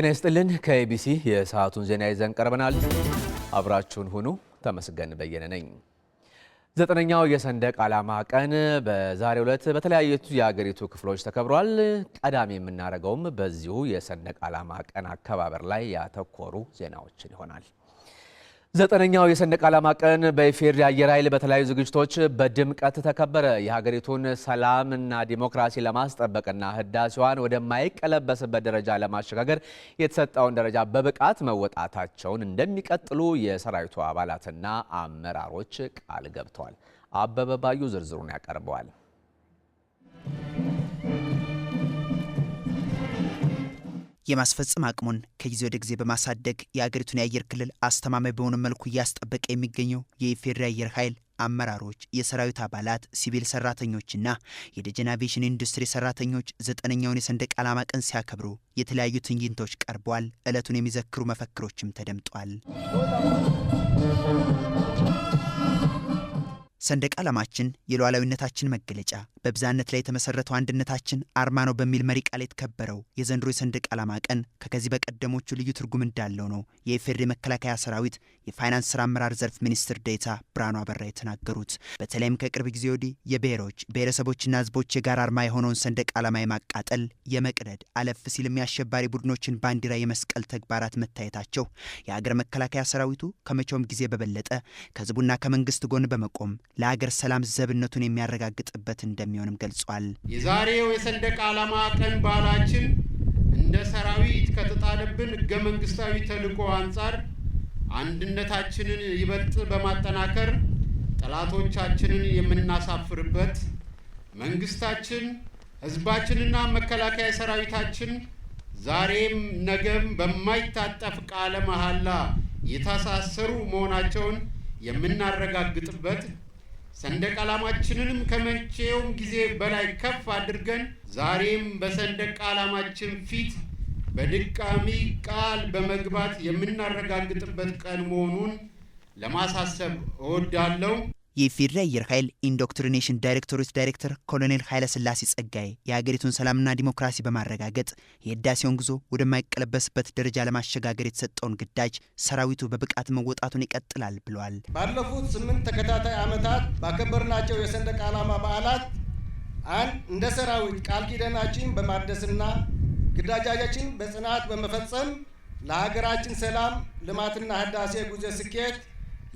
ጤና ይስጥልን። ከኤቢሲ የሰዓቱን ዜና ይዘን ቀርበናል። አብራችሁን ሁኑ። ተመስገን በየነ ነኝ። ዘጠነኛው የሰንደቅ ዓላማ ቀን በዛሬው ዕለት በተለያዩ የአገሪቱ ክፍሎች ተከብሯል። ቀዳሚ የምናደርገውም በዚሁ የሰንደቅ ዓላማ ቀን አከባበር ላይ ያተኮሩ ዜናዎችን ይሆናል። ዘጠነኛው የሰንደቅ ዓላማ ቀን በኢፌዴሪ አየር ኃይል በተለያዩ ዝግጅቶች በድምቀት ተከበረ። የሀገሪቱን ሰላምና ዲሞክራሲ ለማስጠበቅና ህዳሴዋን ወደማይቀለበስበት ደረጃ ለማሸጋገር የተሰጠውን ደረጃ በብቃት መወጣታቸውን እንደሚቀጥሉ የሰራዊቱ አባላትና አመራሮች ቃል ገብተዋል። አበበ ባዩ ዝርዝሩን ያቀርበዋል። የማስፈጸም አቅሙን ከጊዜ ወደ ጊዜ በማሳደግ የአገሪቱን የአየር ክልል አስተማማኝ በሆነ መልኩ እያስጠበቀ የሚገኘው የኢፌዴሪ አየር ኃይል አመራሮች፣ የሰራዊት አባላት፣ ሲቪል ሰራተኞችና የደጀን አቪዬሽን ኢንዱስትሪ ሰራተኞች ዘጠነኛውን የሰንደቅ ዓላማ ቀን ሲያከብሩ የተለያዩ ትዕይንቶች ቀርበዋል። ዕለቱን የሚዘክሩ መፈክሮችም ተደምጧል። ሰንደቅ ዓላማችን የሉዓላዊነታችን መገለጫ በብዛነት ላይ የተመሰረተው አንድነታችን አርማ ነው በሚል መሪ ቃል የተከበረው የዘንድሮ የሰንደቅ ዓላማ ቀን ከከዚህ በቀደሞቹ ልዩ ትርጉም እንዳለው ነው የኢፌዴሪ መከላከያ ሰራዊት የፋይናንስ ስራ አመራር ዘርፍ ሚኒስትር ዴታ ብርሃኑ አበራ የተናገሩት። በተለይም ከቅርብ ጊዜ ወዲህ የብሔሮች ብሔረሰቦችና ህዝቦች የጋራ አርማ የሆነውን ሰንደቅ ዓላማ የማቃጠል የመቅደድ፣ አለፍ ሲልም የአሸባሪ ቡድኖችን ባንዲራ የመስቀል ተግባራት መታየታቸው የሀገር መከላከያ ሰራዊቱ ከመቼውም ጊዜ በበለጠ ከህዝቡና ከመንግስት ጎን በመቆም ለአገር ሰላም ዘብነቱን የሚያረጋግጥበት እንደሚሆንም ገልጿል። የዛሬው የሰንደቅ ዓላማ ቀን በዓላችን እንደ ሰራዊት ከተጣለብን ህገ መንግስታዊ ተልዕኮ አንጻር አንድነታችንን ይበልጥ በማጠናከር ጠላቶቻችንን የምናሳፍርበት መንግስታችን ህዝባችንና መከላከያ ሰራዊታችን ዛሬም ነገም በማይታጠፍ ቃለ መሐላ የታሳሰሩ መሆናቸውን የምናረጋግጥበት ሰንደቅ ዓላማችንንም ከመቼውም ጊዜ በላይ ከፍ አድርገን ዛሬም በሰንደቅ ዓላማችን ፊት በድቃሚ ቃል በመግባት የምናረጋግጥበት ቀን መሆኑን ለማሳሰብ እወዳለሁ። የኢፌዴሪ አየር ኃይል ኢንዶክትሪኔሽን ዳይሬክቶሬት ዳይሬክተር ኮሎኔል ኃይለስላሴ ጸጋዬ የሀገሪቱን ሰላምና ዲሞክራሲ በማረጋገጥ የህዳሴውን ጉዞ ወደማይቀለበስበት ደረጃ ለማሸጋገር የተሰጠውን ግዳጅ ሰራዊቱ በብቃት መወጣቱን ይቀጥላል ብለዋል። ባለፉት ስምንት ተከታታይ ዓመታት ባከበርናቸው የሰንደቅ ዓላማ በዓላት አንድ እንደ ሰራዊት ቃል ኪዳናችን በማደስና ግዳጃችን በጽናት በመፈጸም ለሀገራችን ሰላም ልማትና ህዳሴ ጉዞ ስኬት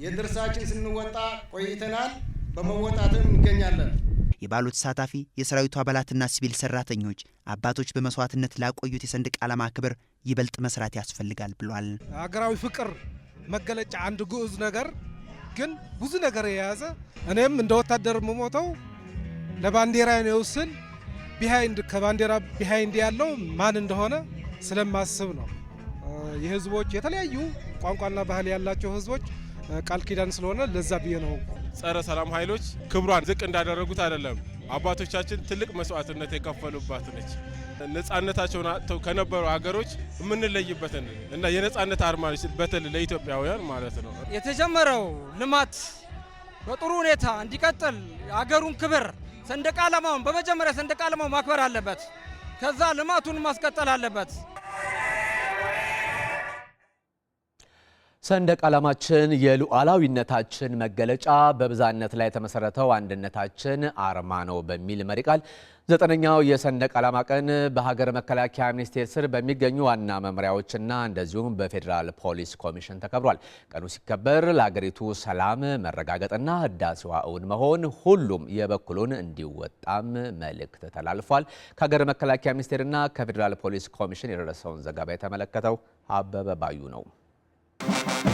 የድርሳችን ስንወጣ ቆይተናል፣ በመወጣትም እንገኛለን። የባሉት ተሳታፊ የሰራዊቱ አባላትና ሲቪል ሰራተኞች አባቶች በመስዋዕትነት ላቆዩት የሰንደቅ ዓላማ ክብር ይበልጥ መስራት ያስፈልጋል ብሏል። ሀገራዊ ፍቅር መገለጫ አንድ ግዑዝ ነገር ግን ብዙ ነገር የያዘ እኔም እንደ ወታደር የምሞተው ለባንዲራ ነው ስል ቢሃይንድ ከባንዲራ ቢሃይንድ ያለው ማን እንደሆነ ስለማስብ ነው። የህዝቦች የተለያዩ ቋንቋና ባህል ያላቸው ህዝቦች ቃል ኪዳን ስለሆነ ለዛ ብዬ ነው። ጸረ ሰላም ኃይሎች ክብሯን ዝቅ እንዳደረጉት አይደለም። አባቶቻችን ትልቅ መስዋዕትነት የከፈሉባት ነች። ነጻነታቸውን አጥተው ከነበሩ ሀገሮች የምንለይበትን እና የነጻነት አርማ በትል ለኢትዮጵያውያን ማለት ነው። የተጀመረው ልማት በጥሩ ሁኔታ እንዲቀጥል የአገሩን ክብር ሰንደቅ ዓላማውን በመጀመሪያ ሰንደቅ ዓላማው ማክበር አለበት። ከዛ ልማቱን ማስቀጠል አለበት። ሰንደቅ ዓላማችን የሉዓላዊነታችን መገለጫ በብዛነት ላይ የተመሰረተው አንድነታችን አርማ ነው በሚል መሪ ቃል ዘጠነኛው የሰንደቅ ዓላማ ቀን በሀገር መከላከያ ሚኒስቴር ስር በሚገኙ ዋና መምሪያዎችና እንደዚሁም በፌዴራል ፖሊስ ኮሚሽን ተከብሯል። ቀኑ ሲከበር ለሀገሪቱ ሰላም መረጋገጥና ህዳሴዋ እውን መሆን ሁሉም የበኩሉን እንዲወጣም መልእክት ተላልፏል። ከሀገር መከላከያ ሚኒስቴርና ከፌዴራል ፖሊስ ኮሚሽን የደረሰውን ዘገባ የተመለከተው አበበ ባዩ ነው። Bye.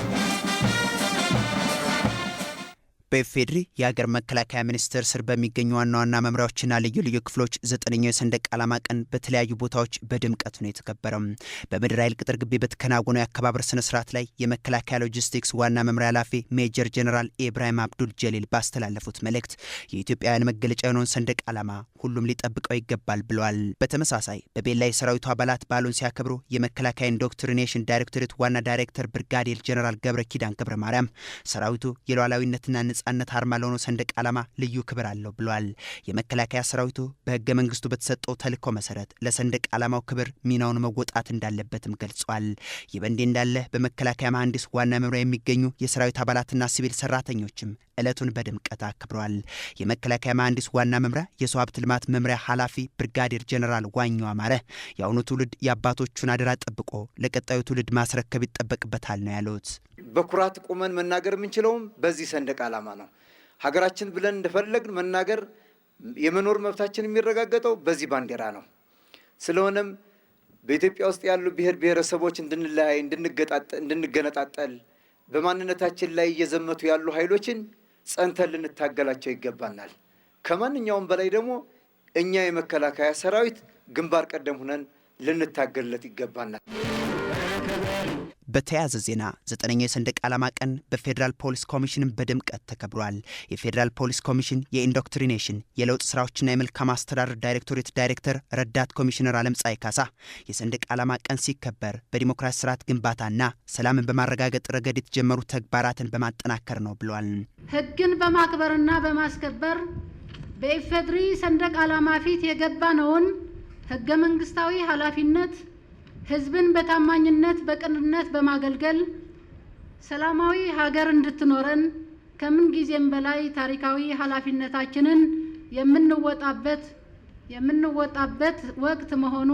በኢፌዴሪ የሀገር መከላከያ ሚኒስቴር ስር በሚገኙ ዋና ዋና መምሪያዎችና ልዩ ልዩ ክፍሎች ዘጠነኛው የሰንደቅ ዓላማ ቀን በተለያዩ ቦታዎች በድምቀት ነው የተከበረው። በምድር ኃይል ቅጥር ግቢ በተከናወነው የአከባበር ስነ ስርዓት ላይ የመከላከያ ሎጂስቲክስ ዋና መምሪያ ኃላፊ ሜጀር ጀኔራል ኢብራሂም አብዱል ጀሊል ባስተላለፉት መልእክት የኢትዮጵያውያን መገለጫ የሆነውን ሰንደቅ ዓላማ ሁሉም ሊጠብቀው ይገባል ብለዋል። በተመሳሳይ በቤላ የሰራዊቱ አባላት በዓሉን ሲያከብሩ የመከላከያ ኢንዶክትሪኔሽን ዳይሬክቶሬት ዋና ዳይሬክተር ብርጋዴር ጀነራል ገብረ ኪዳን ገብረ ማርያም ሰራዊቱ የሉዓላዊነትና የነጻነት አርማ ለሆነው ሰንደቅ ዓላማ ልዩ ክብር አለው ብሏል። የመከላከያ ሰራዊቱ በህገ መንግስቱ በተሰጠው ተልእኮ መሰረት ለሰንደቅ ዓላማው ክብር ሚናውን መወጣት እንዳለበትም ገልጿል። ይህ በእንዲህ እንዳለ በመከላከያ መሐንዲስ ዋና መምሪያ የሚገኙ የሰራዊት አባላትና ሲቪል ሰራተኞችም ዕለቱን በድምቀት አክብረዋል። የመከላከያ መሐንዲስ ዋና መምሪያ የሰው ሀብት ልማት መምሪያ ኃላፊ ብርጋዴር ጀኔራል ዋኙ አማረ የአሁኑ ትውልድ የአባቶቹን አደራ ጠብቆ ለቀጣዩ ትውልድ ማስረከብ ይጠበቅበታል ነው ያሉት። በኩራት ቁመን መናገር የምንችለውም በዚህ ሰንደቅ ዓላማ ነው። ሀገራችን ብለን እንደፈለግን መናገር የመኖር መብታችን የሚረጋገጠው በዚህ ባንዲራ ነው። ስለሆነም በኢትዮጵያ ውስጥ ያሉ ብሔር ብሔረሰቦች እንድንለያይ፣ እንድንገነጣጠል በማንነታችን ላይ እየዘመቱ ያሉ ኃይሎችን ጸንተን ልንታገላቸው ይገባናል። ከማንኛውም በላይ ደግሞ እኛ የመከላከያ ሰራዊት ግንባር ቀደም ሁነን ልንታገልለት ይገባናል። በተያያዘ ዜና ዘጠነኛው የሰንደቅ ዓላማ ቀን በፌዴራል ፖሊስ ኮሚሽን በድምቀት ተከብሯል። የፌዴራል ፖሊስ ኮሚሽን የኢንዶክትሪኔሽን የለውጥ ስራዎችና የመልካም አስተዳደር ዳይሬክቶሬት ዳይሬክተር ረዳት ኮሚሽነር አለም ጻይ ካሳ የሰንደቅ ዓላማ ቀን ሲከበር በዲሞክራሲ ስርዓት ግንባታና ሰላምን በማረጋገጥ ረገድ የተጀመሩ ተግባራትን በማጠናከር ነው ብሏል። ህግን በማክበርና በማስከበር በኢፌድሪ ሰንደቅ ዓላማ ፊት የገባነውን ህገ መንግስታዊ ኃላፊነት ህዝብን በታማኝነት በቅንነት በማገልገል ሰላማዊ ሀገር እንድትኖረን ከምን ጊዜም በላይ ታሪካዊ ኃላፊነታችንን የምንወጣበት የምንወጣበት ወቅት መሆኑ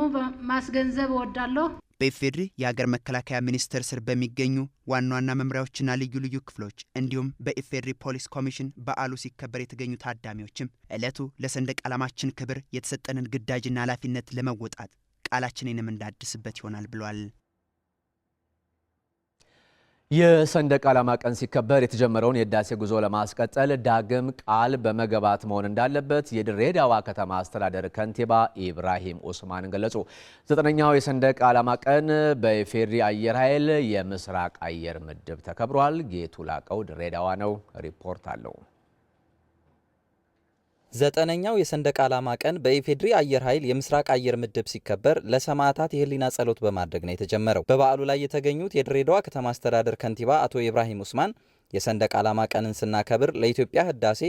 ማስገንዘብ እወዳለሁ። በኢፌድሪ የሀገር መከላከያ ሚኒስቴር ስር በሚገኙ ዋና ዋና መምሪያዎችና ልዩ ልዩ ክፍሎች እንዲሁም በኢፌድሪ ፖሊስ ኮሚሽን በዓሉ ሲከበር የተገኙ ታዳሚዎችም ዕለቱ ለሰንደቅ ዓላማችን ክብር የተሰጠንን ግዳጅና ኃላፊነት ለመወጣት ቃላችንንም እንዳድስበት ይሆናል ብሏል። የሰንደቅ ዓላማ ቀን ሲከበር የተጀመረውን የህዳሴ ጉዞ ለማስቀጠል ዳግም ቃል በመገባት መሆን እንዳለበት የድሬዳዋ ከተማ አስተዳደር ከንቲባ ኢብራሂም ኡስማን ገለጹ። ዘጠነኛው የሰንደቅ ዓላማ ቀን በኢፌዴሪ አየር ኃይል የምስራቅ አየር ምድብ ተከብሯል። ጌቱ ላቀው ድሬዳዋ ነው፣ ሪፖርት አለው። ዘጠነኛው የሰንደቅ ዓላማ ቀን በኢፌድሪ አየር ኃይል የምስራቅ አየር ምድብ ሲከበር ለሰማዕታት የህሊና ጸሎት በማድረግ ነው የተጀመረው። በበዓሉ ላይ የተገኙት የድሬዳዋ ከተማ አስተዳደር ከንቲባ አቶ ኢብራሂም ኡስማን የሰንደቅ ዓላማ ቀንን ስናከብር ለኢትዮጵያ ህዳሴ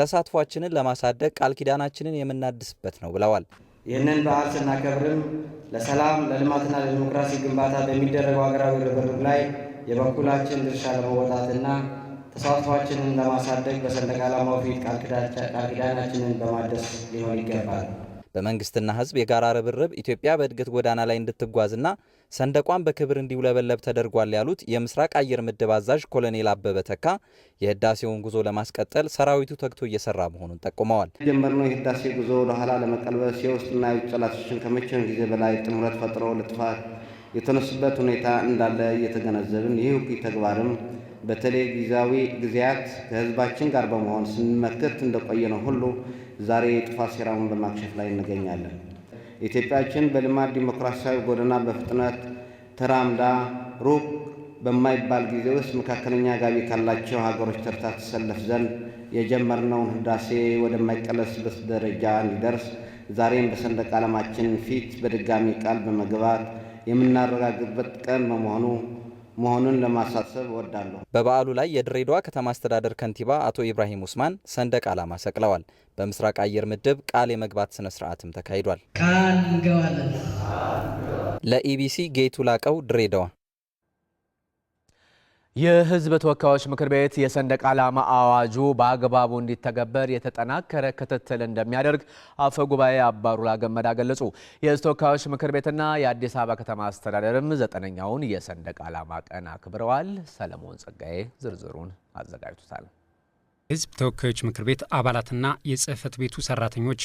ተሳትፏችንን ለማሳደግ ቃል ኪዳናችንን የምናድስበት ነው ብለዋል። ይህንን በዓል ስናከብርም ለሰላም ለልማትና ለዲሞክራሲ ግንባታ በሚደረገው ሀገራዊ ርብርብ ላይ የበኩላችን ድርሻ ለመወጣትና ተሳትፏችንን ለማሳደግ በሰንደቅ ዓላማው ፊት ቃል ኪዳናችንን በማደስ ሊሆን ይገባል። በመንግስትና ህዝብ የጋራ ርብርብ ኢትዮጵያ በእድገት ጎዳና ላይ እንድትጓዝና ሰንደቋን በክብር እንዲውለበለብ ተደርጓል ያሉት የምስራቅ አየር ምድብ አዛዥ ኮሎኔል አበበ ተካ የህዳሴውን ጉዞ ለማስቀጠል ሰራዊቱ ተግቶ እየሰራ መሆኑን ጠቁመዋል። የጀመርነው የህዳሴ ጉዞ ወደኋላ ለመቀልበስ የውስጥና የውጭ ጠላቶችን ከመቼውም ጊዜ በላይ ጥምረት ፈጥሮ ለጥፋት የተነሱበት ሁኔታ እንዳለ እየተገነዘብን ይህ ህግ ተግባርም በተለይ ጊዜያዊ ጊዜያት ከህዝባችን ጋር በመሆን ስንመክት እንደቆየነው ሁሉ ዛሬ የጥፋት ሴራውን በማክሸፍ ላይ እንገኛለን። ኢትዮጵያችን በልማት ዲሞክራሲያዊ ጎዳና በፍጥነት ተራምዳ ሩቅ በማይባል ጊዜ ውስጥ መካከለኛ ጋቢ ካላቸው ሀገሮች ተርታ ትሰለፍ ዘንድ የጀመርነውን ህዳሴ ወደማይቀለስበት ደረጃ እንዲደርስ ዛሬም በሰንደቅ ዓላማችን ፊት በድጋሚ ቃል በመግባት የምናረጋግጥበት ቀን በመሆኑ መሆኑን ለማሳሰብ እወዳለሁ። በበዓሉ ላይ የድሬዳዋ ከተማ አስተዳደር ከንቲባ አቶ ኢብራሂም ኡስማን ሰንደቅ ዓላማ ሰቅለዋል። በምስራቅ አየር ምድብ ቃል የመግባት ስነ ስርዓትም ተካሂዷል። ለኢቢሲ ጌቱ ላቀው ድሬዳዋ የህዝብ ተወካዮች ምክር ቤት የሰንደቅ ዓላማ አዋጁ በአግባቡ እንዲተገበር የተጠናከረ ክትትል እንደሚያደርግ አፈ ጉባኤ አባሩላ ገመዳ ገለጹ። የህዝብ ተወካዮች ምክር ቤትና የአዲስ አበባ ከተማ አስተዳደርም ዘጠነኛውን የሰንደቅ ዓላማ ቀን አክብረዋል። ሰለሞን ጸጋዬ ዝርዝሩን አዘጋጅቶታል። ህዝብ ተወካዮች ምክር ቤት አባላትና የጽህፈት ቤቱ ሰራተኞች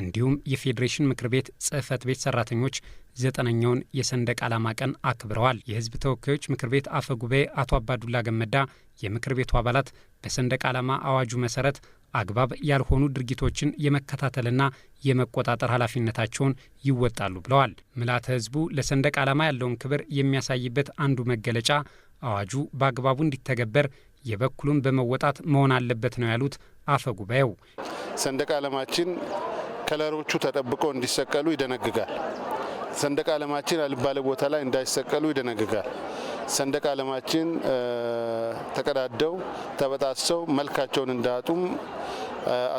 እንዲሁም የፌዴሬሽን ምክር ቤት ጽህፈት ቤት ሰራተኞች ዘጠነኛውን የሰንደቅ ዓላማ ቀን አክብረዋል። የህዝብ ተወካዮች ምክር ቤት አፈ ጉባኤ አቶ አባዱላ ገመዳ የምክር ቤቱ አባላት በሰንደቅ ዓላማ አዋጁ መሰረት አግባብ ያልሆኑ ድርጊቶችን የመከታተልና የመቆጣጠር ኃላፊነታቸውን ይወጣሉ ብለዋል። ምልዓተ ህዝቡ ለሰንደቅ ዓላማ ያለውን ክብር የሚያሳይበት አንዱ መገለጫ አዋጁ በአግባቡ እንዲተገበር የበኩሉን በመወጣት መሆን አለበት ነው ያሉት አፈ ጉባኤው ሰንደቅ ዓላማችን ከለሮቹ ተጠብቆ እንዲሰቀሉ ይደነግጋል። ሰንደቅ ዓለማችን አልባለ ቦታ ላይ እንዳይሰቀሉ ይደነግጋል። ሰንደቅ አለማችን ተቀዳደው ተበጣሰው መልካቸውን እንዳጡም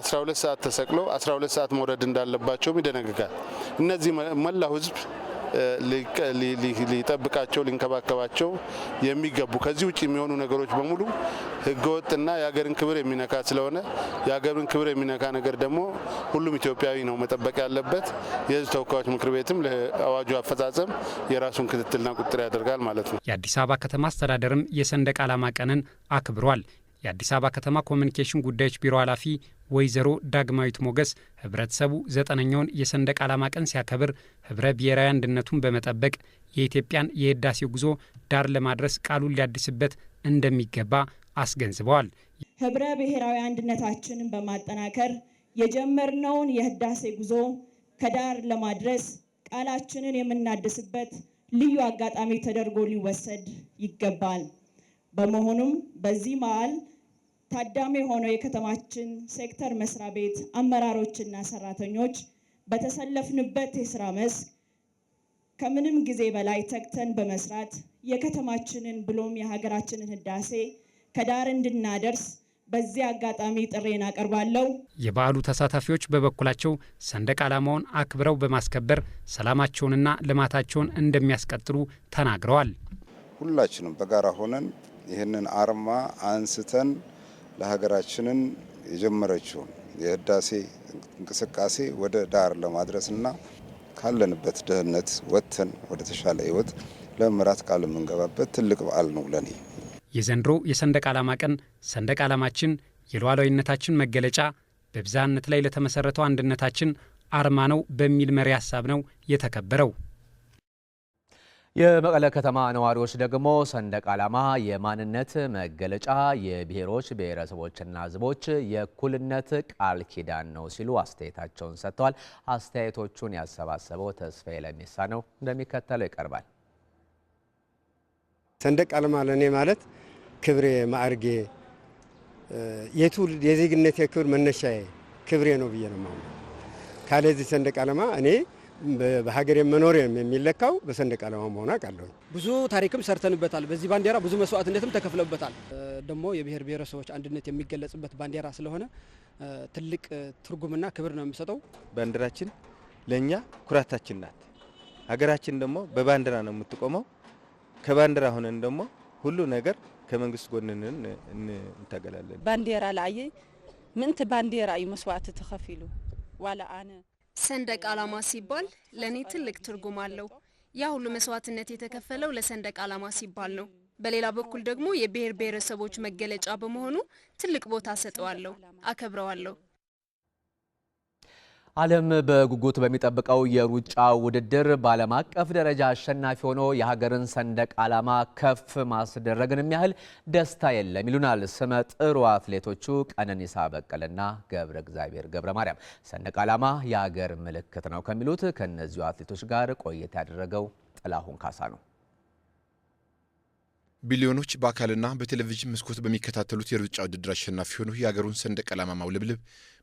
12 ሰዓት ተሰቅለው 12 ሰዓት መውረድ እንዳለባቸውም ይደነግጋል። እነዚህ መላው ህዝብ ሊጠብቃቸው ሊንከባከባቸው የሚገቡ ከዚህ ውጭ የሚሆኑ ነገሮች በሙሉ ህገወጥና የሀገርን ክብር የሚነካ ስለሆነ የሀገርን ክብር የሚነካ ነገር ደግሞ ሁሉም ኢትዮጵያዊ ነው መጠበቅ ያለበት። የህዝብ ተወካዮች ምክር ቤትም ለአዋጁ አፈጻጸም የራሱን ክትትልና ቁጥጥር ያደርጋል ማለት ነው። የአዲስ አበባ ከተማ አስተዳደርም የሰንደቅ ዓላማ ቀንን አክብሯል። የአዲስ አበባ ከተማ ኮሚኒኬሽን ጉዳዮች ቢሮ ኃላፊ ወይዘሮ ዳግማዊት ሞገስ ህብረተሰቡ ዘጠነኛውን የሰንደቅ ዓላማ ቀን ሲያከብር ህብረ ብሔራዊ አንድነቱን በመጠበቅ የኢትዮጵያን የህዳሴ ጉዞ ዳር ለማድረስ ቃሉን ሊያድስበት እንደሚገባ አስገንዝበዋል። ህብረ ብሔራዊ አንድነታችንን በማጠናከር የጀመርነውን የህዳሴ ጉዞ ከዳር ለማድረስ ቃላችንን የምናድስበት ልዩ አጋጣሚ ተደርጎ ሊወሰድ ይገባል። በመሆኑም በዚህ መዓል ታዳሚ የሆነው የከተማችን ሴክተር መስሪያ ቤት አመራሮችና ሰራተኞች በተሰለፍንበት የስራ መስክ ከምንም ጊዜ በላይ ተግተን በመስራት የከተማችንን ብሎም የሀገራችንን ህዳሴ ከዳር እንድናደርስ በዚህ አጋጣሚ ጥሬን አቀርባለሁ። የበዓሉ ተሳታፊዎች በበኩላቸው ሰንደቅ ዓላማውን አክብረው በማስከበር ሰላማቸውንና ልማታቸውን እንደሚያስቀጥሉ ተናግረዋል። ሁላችንም በጋራ ሆነን ይህንን አርማ አንስተን ለሀገራችንን የጀመረችውን የህዳሴ እንቅስቃሴ ወደ ዳር ለማድረስና ካለንበት ድህነት ወጥተን ወደ ተሻለ ህይወት ለመምራት ቃል የምንገባበት ትልቅ በዓል ነው ለኔ። የዘንድሮ የሰንደቅ ዓላማ ቀን ሰንደቅ ዓላማችን የሉዓላዊነታችን መገለጫ በብዝሃነት ላይ ለተመሰረተው አንድነታችን አርማ ነው በሚል መሪ ሀሳብ ነው የተከበረው። የመቀለ ከተማ ነዋሪዎች ደግሞ ሰንደቅ ዓላማ የማንነት መገለጫ፣ የብሔሮች ብሔረሰቦችና ሕዝቦች የእኩልነት ቃል ኪዳን ነው ሲሉ አስተያየታቸውን ሰጥተዋል። አስተያየቶቹን ያሰባሰበው ተስፋዬ ለሚሳ ነው፣ እንደሚከተለው ይቀርባል። ሰንደቅ ዓላማ ለእኔ ማለት ክብሬ፣ ማዕርጌ፣ የትውልድ የዜግነት የክብር መነሻዬ ክብሬ ነው ብዬ ነው ማለት ካለዚህ ሰንደቅ ዓላማ እኔ በሀገር መኖር የሚለካው በሰንደቅ ዓላማ መሆን አውቃለሁ። ብዙ ታሪክም ሰርተንበታል። በዚህ ባንዲራ ብዙ መስዋዕትነትም ተከፍለበታል። ደግሞ የብሔር ብሔረሰቦች አንድነት የሚገለጽበት ባንዲራ ስለሆነ ትልቅ ትርጉምና ክብር ነው የሚሰጠው። ባንዲራችን ለእኛ ኩራታችን ናት። ሀገራችን ደግሞ በባንዲራ ነው የምትቆመው። ከባንዲራ ሆነን ደግሞ ሁሉ ነገር ከመንግስት ጎንንን እንታገላለን። ባንዲራ ለአየ ምንት ባንዲራ እዩ መስዋዕት ተኸፊሉ ዋላ ኣነ ሰንደቅ ዓላማ ሲባል ለእኔ ትልቅ ትርጉም አለው። ያ ሁሉ መስዋዕትነት የተከፈለው ለሰንደቅ ዓላማ ሲባል ነው። በሌላ በኩል ደግሞ የብሔር ብሔረሰቦች መገለጫ በመሆኑ ትልቅ ቦታ ሰጠዋለሁ፣ አከብረዋለሁ። ዓለም በጉጉት በሚጠብቀው የሩጫ ውድድር በዓለም አቀፍ ደረጃ አሸናፊ ሆኖ የሀገርን ሰንደቅ ዓላማ ከፍ ማስደረግንም ያህል ደስታ የለም ይሉናል ስመ ጥሩ አትሌቶቹ ቀነኒሳ በቀለና ገብረ እግዚአብሔር ገብረ ማርያም። ሰንደቅ ዓላማ የሀገር ምልክት ነው ከሚሉት ከእነዚሁ አትሌቶች ጋር ቆይታ ያደረገው ጥላሁን ካሳ ነው። ቢሊዮኖች በአካልና በቴሌቪዥን መስኮት በሚከታተሉት የሩጫ ውድድር አሸናፊ ሆኖ የአገሩን ሰንደቅ ዓላማ ማውለብለብ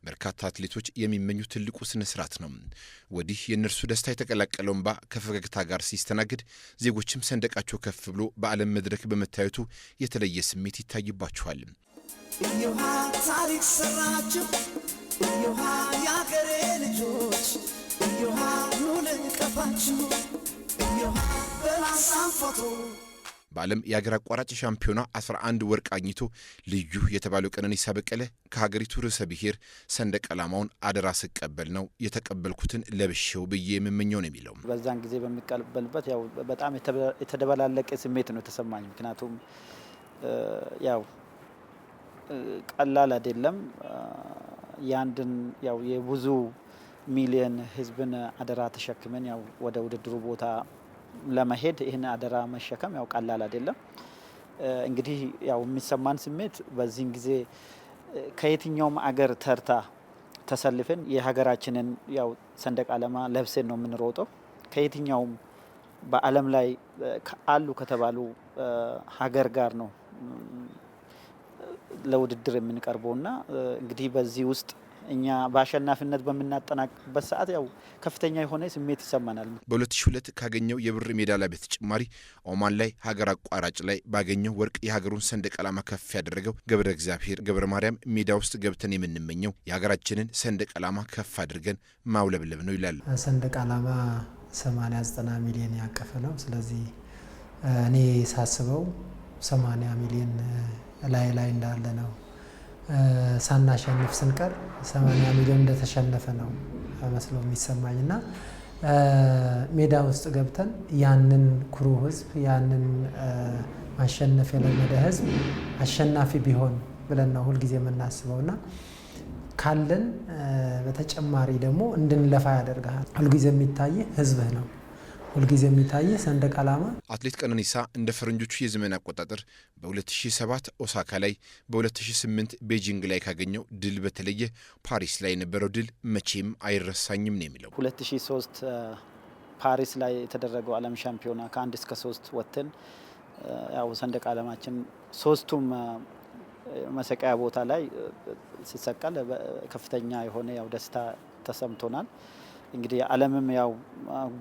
በርካታ አትሌቶች የሚመኙ ትልቁ ስነ ስርዓት ነው። ወዲህ የእነርሱ ደስታ የተቀላቀለው እንባ ከፈገግታ ጋር ሲስተናግድ፣ ዜጎችም ሰንደቃቸው ከፍ ብሎ በዓለም መድረክ በመታየቱ የተለየ ስሜት ይታይባቸዋል። ታሪክ ሰራችሁ፣ የአገሬ ልጆች፣ ኑልን ቀፋችሁ፣ ፎቶ በዓለም የአገር አቋራጭ ሻምፒዮና 11 ወርቅ አግኝቶ ልዩ የተባለው ቀነኒሳ በቀለ ከሀገሪቱ ርዕሰ ብሔር ሰንደቅ ዓላማውን አደራ ስቀበል ነው የተቀበልኩትን ለብሼው ብዬ የምመኘው ነው የሚለው። በዛን ጊዜ በሚቀበልበት ያው በጣም የተደበላለቀ ስሜት ነው የተሰማኝ። ምክንያቱም ያው ቀላል አይደለም። የአንድን ያው የብዙ ሚሊየን ህዝብን አደራ ተሸክመን ያው ወደ ውድድሩ ቦታ ለመሄድ ይህን አደራ መሸከም ያው ቀላል አይደለም። እንግዲህ ያው የሚሰማን ስሜት በዚህን ጊዜ ከየትኛውም አገር ተርታ ተሰልፈን የሀገራችንን ያው ሰንደቅ ዓላማ ለብሰን ነው የምንሮጠው። ከየትኛውም በዓለም ላይ አሉ ከተባሉ ሀገር ጋር ነው ለውድድር የምንቀርበው እና እንግዲህ በዚህ ውስጥ እኛ በአሸናፊነት በምናጠናቅበት ሰዓት ያው ከፍተኛ የሆነ ስሜት ይሰማናል። በ2002 ካገኘው የብር ሜዳሊያ በተጨማሪ ኦማን ላይ ሀገር አቋራጭ ላይ ባገኘው ወርቅ የሀገሩን ሰንደቅ ዓላማ ከፍ ያደረገው ገብረ እግዚአብሔር ገብረ ማርያም ሜዳ ውስጥ ገብተን የምንመኘው የሀገራችንን ሰንደቅ ዓላማ ከፍ አድርገን ማውለብለብ ነው ይላል። ሰንደቅ ዓላማ 89 ሚሊዮን ያቀፈ ነው። ስለዚህ እኔ ሳስበው 80 ሚሊዮን ላይ ላይ እንዳለ ነው ሳናሸንፍ ስንቀር 80 ሚሊዮን እንደተሸነፈ ነው መስሎ የሚሰማኝ እና ሜዳ ውስጥ ገብተን ያንን ኩሩ ህዝብ ያንን ማሸነፍ የለመደ ህዝብ አሸናፊ ቢሆን ብለን ነው ሁልጊዜ የምናስበው እና ካለን በተጨማሪ ደግሞ እንድንለፋ ያደርግሃል። ሁልጊዜ የሚታይ ህዝብህ ነው። ሁልጊዜ የሚታይ ሰንደቅ ዓላማ። አትሌት ቀነኒሳ እንደ ፈረንጆቹ የዘመን አቆጣጠር በ2007 ኦሳካ ላይ በ2008 ቤጂንግ ላይ ካገኘው ድል በተለየ ፓሪስ ላይ የነበረው ድል መቼም አይረሳኝም ነው የሚለው። 2003 ፓሪስ ላይ የተደረገው ዓለም ሻምፒዮና ከአንድ እስከ ሶስት ወጥተን ያው ሰንደቅ ዓላማችን ሶስቱም መሰቀያ ቦታ ላይ ሲሰቀል ከፍተኛ የሆነ ያው ደስታ ተሰምቶናል። እንግዲህ ዓለምም ያው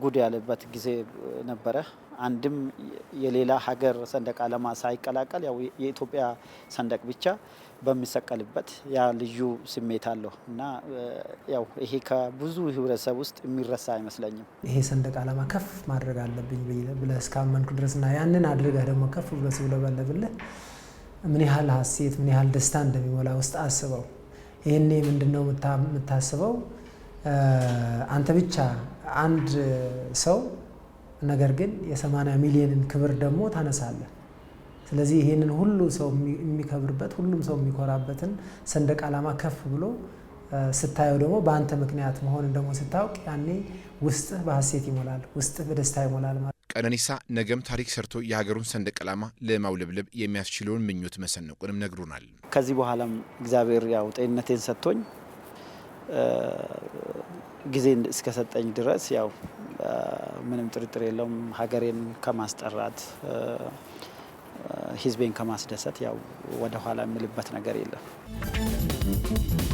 ጉድ ያለበት ጊዜ ነበረ። አንድም የሌላ ሀገር ሰንደቅ ዓላማ ሳይቀላቀል ያው የኢትዮጵያ ሰንደቅ ብቻ በሚሰቀልበት ያ ልዩ ስሜት አለው እና ያው ይሄ ከብዙ ህብረተሰብ ውስጥ የሚረሳ አይመስለኝም። ይሄ ሰንደቅ ዓላማ ከፍ ማድረግ አለብኝ ብለህ እስካመንኩ ድረስ እና ያንን አድርገህ ደግሞ ከፍ ብሎ ሲውለበለብልህ ምን ያህል ሀሴት ምን ያህል ደስታ እንደሚሞላ ውስጥ አስበው። ይህኔ ምንድነው የምታስበው? አንተ ብቻ አንድ ሰው ነገር ግን የሰማንያ ሚሊዮንን ክብር ደግሞ ታነሳለህ። ስለዚህ ይህንን ሁሉ ሰው የሚከብርበት ሁሉም ሰው የሚኮራበትን ሰንደቅ ዓላማ ከፍ ብሎ ስታየው ደግሞ በአንተ ምክንያት መሆንን ደግሞ ስታውቅ ያኔ ውስጥህ በሐሴት ይሞላል፣ ውስጥህ በደስታ ይሞላል ማለት ቀነኒሳ ነገም ታሪክ ሰርቶ የሀገሩን ሰንደቅ ዓላማ ለማውለብለብ የሚያስችለውን ምኞት መሰነቁንም ነግሩናል። ከዚህ በኋላም እግዚአብሔር ያው ጤንነቴን ሰጥቶኝ ጊዜ እስከሰጠኝ ድረስ ያው ምንም ጥርጥር የለውም ሀገሬን ከማስጠራት ህዝቤን ከማስደሰት ያው ወደኋላ የምልበት ነገር የለም።